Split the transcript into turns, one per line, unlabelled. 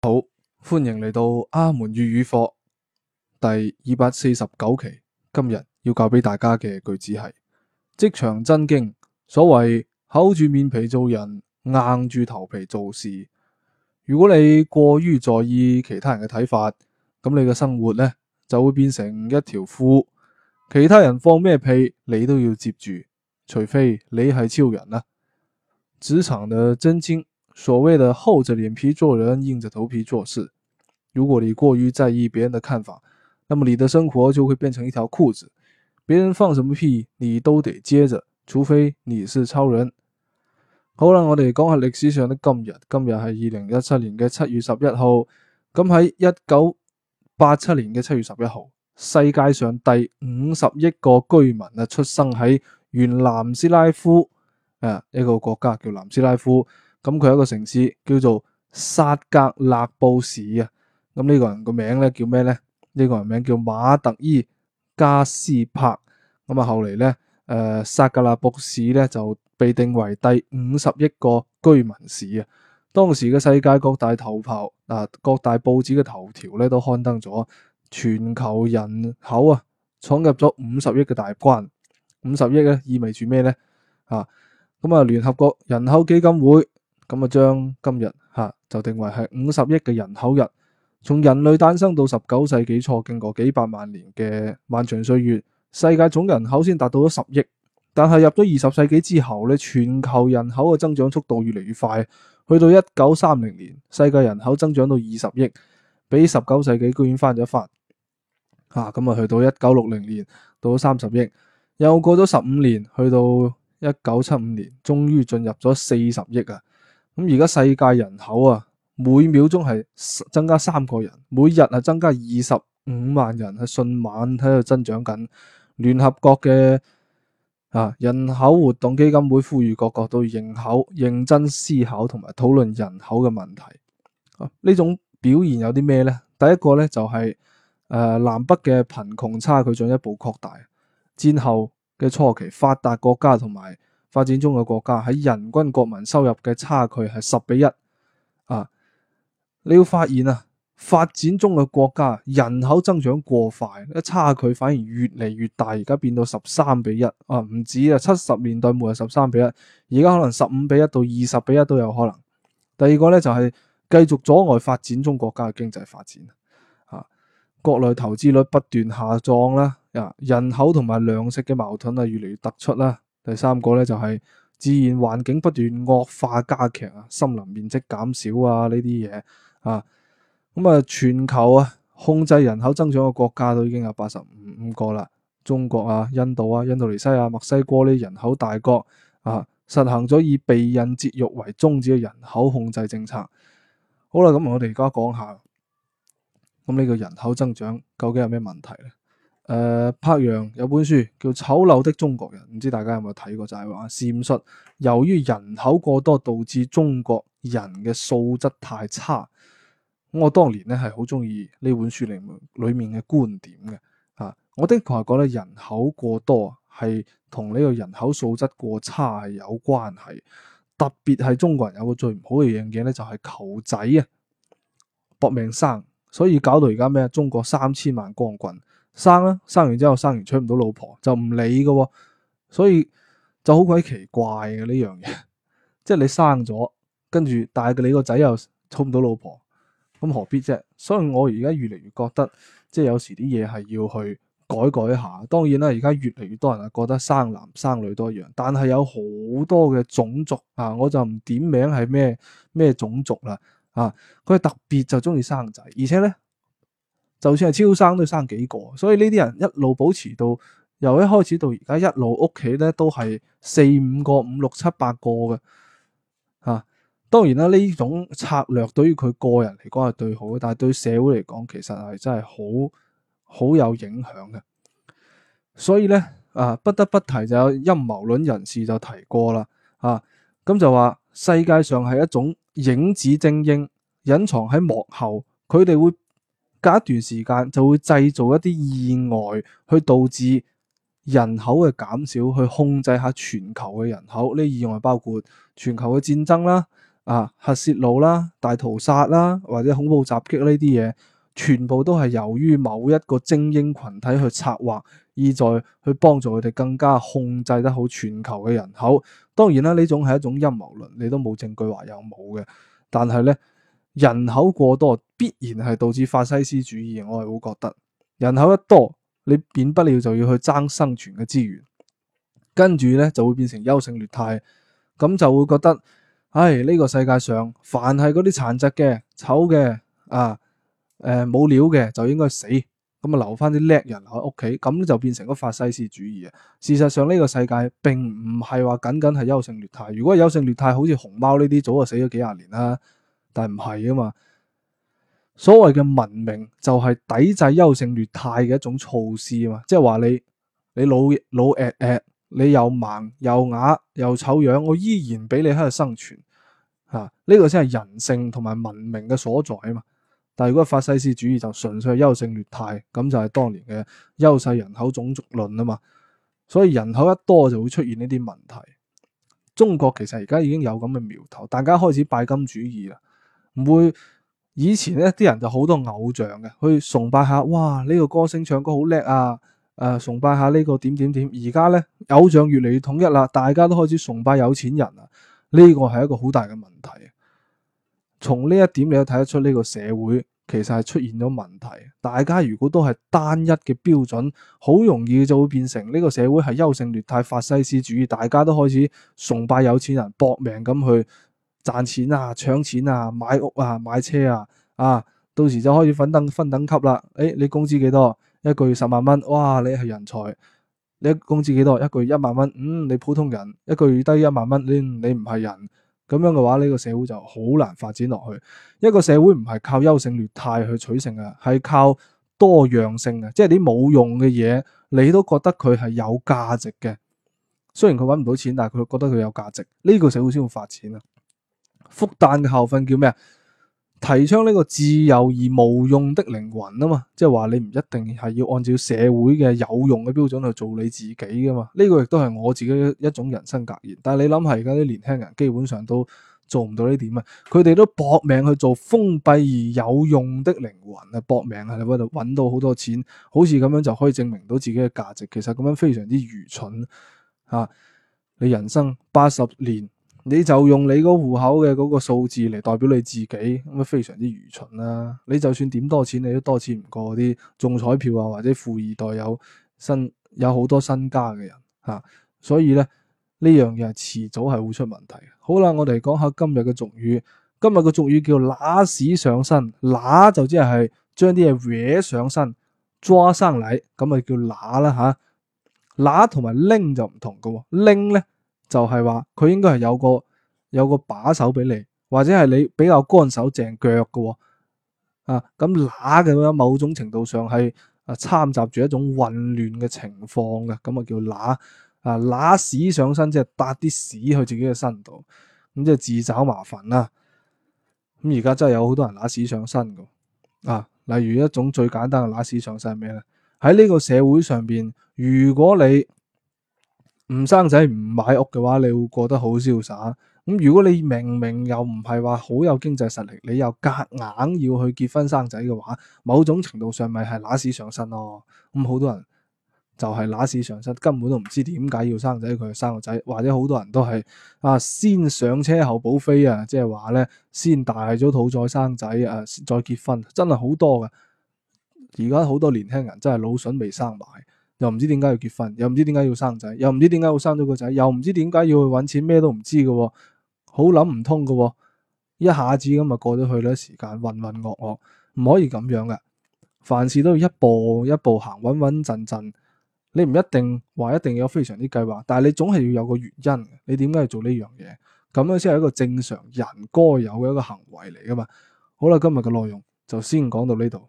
好，歡迎嚟到阿門粵語課第二百四十九期。今日要教俾大家嘅句子係職場真經，所謂厚住面皮做人，硬住頭皮做事。如果你過於在意其他人嘅睇法，咁你嘅生活呢就會變成一條褲。其他人放咩屁，你都要接住，除非你係超人啦、啊。職場嘅真經。所謂的厚着臉皮做人，硬着頭皮做事。如果你過於在意別人的看法，那麼你的生活就會變成一條褲子，別人放什麼屁，你都得接着，除非你是超人。好啦，我哋講下歷史上的今日，今日係二零一七年嘅七月十一號。咁喺一九八七年嘅七月十一號，世界上第五十億個居民啊，出生喺原南斯拉夫啊一個國家叫南斯拉夫。咁佢有一個城市叫做薩格勒布市啊，咁、這、呢個人個名咧叫咩咧？呢、這個人名叫馬特伊加斯帕，咁啊後嚟咧，誒、呃、薩格勒布市咧就被定為第五十億個居民市啊！當時嘅世界各大頭刨啊，各大報紙嘅頭條咧都刊登咗全球人口啊闖入咗五十億嘅大關，五十億咧意味住咩咧？啊，咁啊聯合國人口基金會。咁啊，將今日吓就定為係五十億嘅人口日。從人類誕生到十九世紀初，經過幾百萬年嘅漫長歲月，世界總人口先達到咗十億。但係入咗二十世紀之後咧，全球人口嘅增長速度越嚟越快，去到一九三零年，世界人口增長到二十億，比十九世紀居然翻咗一翻。啊，咁啊，去到一九六零年到咗三十億，又過咗十五年，去到一九七五年，終於進入咗四十億啊！咁而家世界人口啊，每秒鐘係增加三個人，每日係增加二十五萬人，係迅猛喺度增長緊。聯合國嘅啊人口活動基金會呼籲各國對人口認真思考同埋討論人口嘅問題。呢、啊、種表現有啲咩呢？第一個呢，就係、是、誒、呃、南北嘅貧窮差距進一步擴大，戰後嘅初期，發達國家同埋。發展中嘅國家喺人均國民收入嘅差距係十比一啊！你要發現啊，發展中嘅國家人口增長過快，一差距反而越嚟越大，而家變到十三比一啊，唔止啊，七十年代末係十三比一，而家可能十五比一到二十比一都有可能。第二個咧，就係、是、繼續阻礙發展中國家嘅經濟發展啊，國內投資率不斷下降啦，啊，人口同埋糧食嘅矛盾啊越嚟越突出啦。第三個咧就係自然環境不斷惡化加劇啊，森林面積減少啊呢啲嘢啊，咁啊全球啊控制人口增長嘅國家都已經有八十五五個啦，中國啊、印度啊、印度尼西亞、墨西哥呢人口大國啊，實行咗以避孕節育為宗旨嘅人口控制政策。好啦，咁我哋而家講下，咁呢個人口增長究竟有咩問題咧？誒、呃，柏楊有本書叫《醜陋的中國人》，唔知大家有冇睇過？就係、是、話，事實由於人口過多導致中國人嘅素質太差。我當年咧係好中意呢本書裏面裏面嘅觀點嘅啊。我的確係覺得咧，人口過多係同呢個人口素質過差係有關係，特別係中國人有個最唔好嘅樣嘢咧，就係、是、求仔啊，搏命生，所以搞到而家咩？中國三千萬光棍。生啦、啊，生完之後生完娶唔到老婆就唔理㗎，所以就好鬼奇怪嘅呢樣嘢，即係你生咗，跟住但係你個仔又娶唔到老婆，咁、哦、 何必啫？所以我而家越嚟越覺得，即係有時啲嘢係要去改改下。當然啦，而家越嚟越多人係覺得生男生女都一樣，但係有好多嘅種族啊，我就唔點名係咩咩種族啦，啊，佢特別就中意生仔，而且咧。就算係超生都生幾個，所以呢啲人一路保持到由一開始到而家一路屋企咧都係四五個、五六七八個嘅，啊，當然啦，呢種策略對於佢個人嚟講係對好嘅，但係對社會嚟講其實係真係好好有影響嘅。所以咧啊，不得不提就有陰謀論人士就提過啦，啊，咁就話世界上係一種影子精英隱藏喺幕後，佢哋會。隔一段時間就會製造一啲意外，去導致人口嘅減少，去控制下全球嘅人口。呢啲意外包括全球嘅戰爭啦、啊核洩漏啦、大屠殺啦，或者恐怖襲擊呢啲嘢，全部都係由於某一個精英群體去策劃，意在去幫助佢哋更加控制得好全球嘅人口。當然啦，呢種係一種陰謀論，你都冇證據話有冇嘅，但係咧。人口過多必然係導致法西斯主義，我係會覺得人口一多，你免不了就要去爭生存嘅資源，跟住咧就會變成優勝劣汰，咁就會覺得，唉呢、這個世界上凡係嗰啲殘疾嘅、醜嘅、啊、誒、呃、冇料嘅就應該死，咁、嗯、啊留翻啲叻人喺屋企，咁就變成個法西斯主義啊。事實上呢、這個世界並唔係話僅僅係優勝劣汰，如果優勝劣汰好似熊貓呢啲，早就死咗幾廿年啦。但唔係啊嘛，所謂嘅文明就係抵制優勝劣汰嘅一種措施啊嘛，即係話你你老老誒誒，你又盲又啞又醜樣，我依然俾你喺度生存，吓，呢個先係人性同埋文明嘅所在啊嘛。但係如果法西斯主義就純粹係優勝劣汰，咁就係當年嘅優勢人口種族論啊嘛。所以人口一多就會出現呢啲問題。中國其實而家已經有咁嘅苗頭，大家開始拜金主義啦。唔會以前咧，啲人就好多偶像嘅，去崇拜下，哇，呢個歌星唱歌好叻啊！誒、呃，崇拜下呢個點點點。而家呢，偶像越嚟越統一啦，大家都開始崇拜有錢人啊！呢個係一個好大嘅問題。從呢一點你都睇得出呢個社會其實係出現咗問題。大家如果都係單一嘅標準，好容易就會變成呢個社會係優勝劣汰、法西斯主義。大家都開始崇拜有錢人，搏命咁去賺錢啊，搶錢啊，買屋啊，買車啊，啊，到時就可以分等分等級啦。誒，你工資幾多？一個月十萬蚊，哇，你係人才。你工資幾多？一個月一萬蚊，嗯，你普通人，一個月低一萬蚊，你你唔係人。咁樣嘅話，呢個社會就好難發展落去。一個社會唔係靠優勝劣汰去取勝嘅，係靠多樣性嘅，即係啲冇用嘅嘢，你都覺得佢係有價值嘅。雖然佢揾唔到錢，但係佢覺得佢有價值，呢個社會先會發展啊。復旦嘅校訓叫咩啊？提倡呢個自由而無用的靈魂啊嘛，即係話你唔一定係要按照社會嘅有用嘅標準去做你自己噶嘛。呢個亦都係我自己一種人生格言。但係你諗下，而家啲年輕人基本上都做唔到呢點啊，佢哋都搏命去做封閉而有用的靈魂啊，搏命喺度搵到好多錢，好似咁樣就可以證明到自己嘅價值。其實咁樣非常之愚蠢啊！你人生八十年。你就用你個戶口嘅嗰個數字嚟代表你自己，咁啊非常之愚蠢啦、啊！你就算點多錢，你都多錢唔過啲中彩票啊，或者富二代有身有好多身家嘅人吓、啊，所以咧呢樣嘢係遲早係會出問題。好啦，我哋講下今日嘅俗語。今日嘅俗語叫揦屎上身，揦就即係將啲嘢搲上身抓生嚟，咁啊叫揦啦吓。揦同埋拎就唔同噶，拎咧。就係話佢應該係有個有個把手俾你，或者係你比較乾手淨腳嘅、哦，啊咁乸咁樣，嗯呃、某種程度上係啊摻雜住一種混亂嘅情況嘅，咁啊叫揦啊揦屎上身，即係搭啲屎去自己嘅身度，咁、嗯、即係自找麻煩啦、啊。咁而家真係有好多人揦、呃、屎上身嘅，啊，例如一種最簡單嘅揦、呃、屎上身係咩咧？喺呢個社會上邊，如果你唔生仔唔買屋嘅話，你會過得好瀟灑。咁、嗯、如果你明明又唔係話好有經濟實力，你又夾硬要去結婚生仔嘅話，某種程度上咪係揦屎上身咯。咁、嗯、好多人就係揦屎上身，根本都唔知點解要生仔，佢生個仔，或者好多人都係啊先上車後補飛啊，即係話咧先大咗肚再生仔啊，再結婚，真係好多噶。而家好多年輕人真係老笋未生埋。又唔知點解要結婚，又唔知點解要生仔，又唔知點解要生咗個仔，又唔知點解要去揾錢，咩都唔知嘅喎，好諗唔通嘅喎，一下子咁就過咗去啦，時間渾渾噩噩，唔可以咁樣嘅，凡事都要一步一步行，穩穩陣陣，你唔一定話一定要有非常之計劃，但係你總係要有個原因，你點解要做呢樣嘢，咁樣先係一個正常人該有嘅一個行為嚟噶嘛，好啦，今日嘅內容就先講到呢度。